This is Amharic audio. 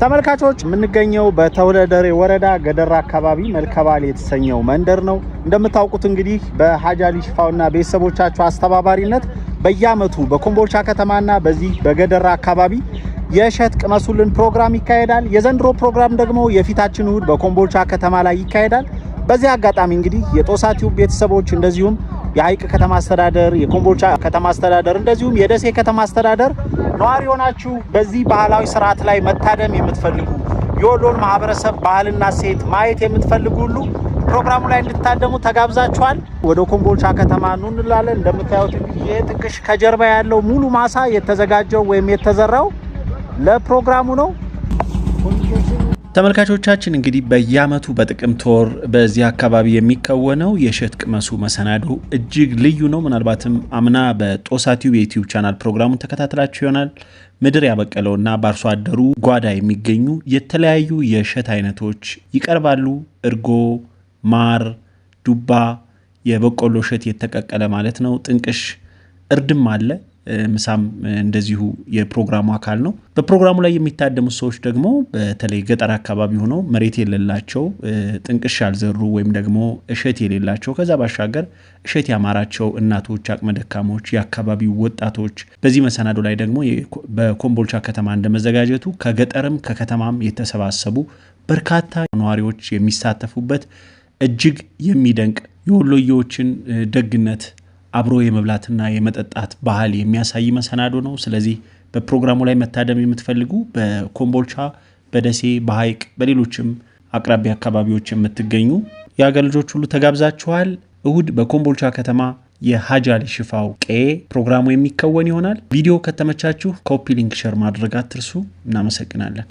ተመልካቾች የምንገኘው በተውለደሬ ወረዳ ገደራ አካባቢ መልከባል የተሰኘው መንደር ነው። እንደምታውቁት እንግዲህ በሀጃሊ ሽፋውና ቤተሰቦቻቸው አስተባባሪነት በየአመቱ በኮምቦልቻ ከተማና በዚህ በገደራ አካባቢ የእሸት ቅመሱልን ፕሮግራም ይካሄዳል። የዘንድሮ ፕሮግራም ደግሞ የፊታችን እሁድ በኮምቦልቻ ከተማ ላይ ይካሄዳል። በዚህ አጋጣሚ እንግዲህ የጦሳ ቲዩብ ቤተሰቦች እንደዚሁም የሀይቅ ከተማ አስተዳደር፣ የኮምቦልቻ ከተማ አስተዳደር እንደዚሁም የደሴ ከተማ አስተዳደር ነዋሪ የሆናችሁ በዚህ ባህላዊ ስርዓት ላይ መታደም የምትፈልጉ የወሎን ማህበረሰብ ባህልና ሴት ማየት የምትፈልጉ ሁሉ ፕሮግራሙ ላይ እንድታደሙ ተጋብዛችኋል። ወደ ኮምቦልቻ ከተማ ኑ እንላለን። እንደምታዩት ይህ ጥቅሽ ከጀርባ ያለው ሙሉ ማሳ የተዘጋጀው ወይም የተዘራው ለፕሮግራሙ ነው። ተመልካቾቻችን እንግዲህ በየአመቱ በጥቅምት ወር በዚህ አካባቢ የሚከወነው የእሸት ቅመሱ መሰናዶ እጅግ ልዩ ነው። ምናልባትም አምና በጦሳቲው የዩቲዩብ ቻናል ፕሮግራሙን ተከታትላችሁ ይሆናል። ምድር ያበቀለውና በአርሶ አደሩ ጓዳ የሚገኙ የተለያዩ የእሸት አይነቶች ይቀርባሉ። እርጎ፣ ማር፣ ዱባ፣ የበቆሎ እሸት የተቀቀለ ማለት ነው። ጥንቅሽ እርድም አለ። ምሳም እንደዚሁ የፕሮግራሙ አካል ነው። በፕሮግራሙ ላይ የሚታደሙ ሰዎች ደግሞ በተለይ ገጠር አካባቢ ሆነው መሬት የሌላቸው ጥንቅሽ ያልዘሩ ወይም ደግሞ እሸት የሌላቸው ከዛ ባሻገር እሸት ያማራቸው እናቶች፣ አቅመ ደካሞች፣ የአካባቢው ወጣቶች በዚህ መሰናዶ ላይ ደግሞ በኮምቦልቻ ከተማ እንደመዘጋጀቱ ከገጠርም ከከተማም የተሰባሰቡ በርካታ ነዋሪዎች የሚሳተፉበት እጅግ የሚደንቅ የወሎዬዎችን ደግነት አብሮ የመብላትና የመጠጣት ባህል የሚያሳይ መሰናዶ ነው። ስለዚህ በፕሮግራሙ ላይ መታደም የምትፈልጉ በኮምቦልቻ፣ በደሴ፣ በሐይቅ በሌሎችም አቅራቢያ አካባቢዎች የምትገኙ የአገር ልጆች ሁሉ ተጋብዛችኋል። እሁድ በኮምቦልቻ ከተማ የሀጃሊ ሽፋው ቀዬ ፕሮግራሙ የሚከወን ይሆናል። ቪዲዮ ከተመቻችሁ ኮፒ ሊንክ ሸር ማድረግ አትርሱ። እናመሰግናለን።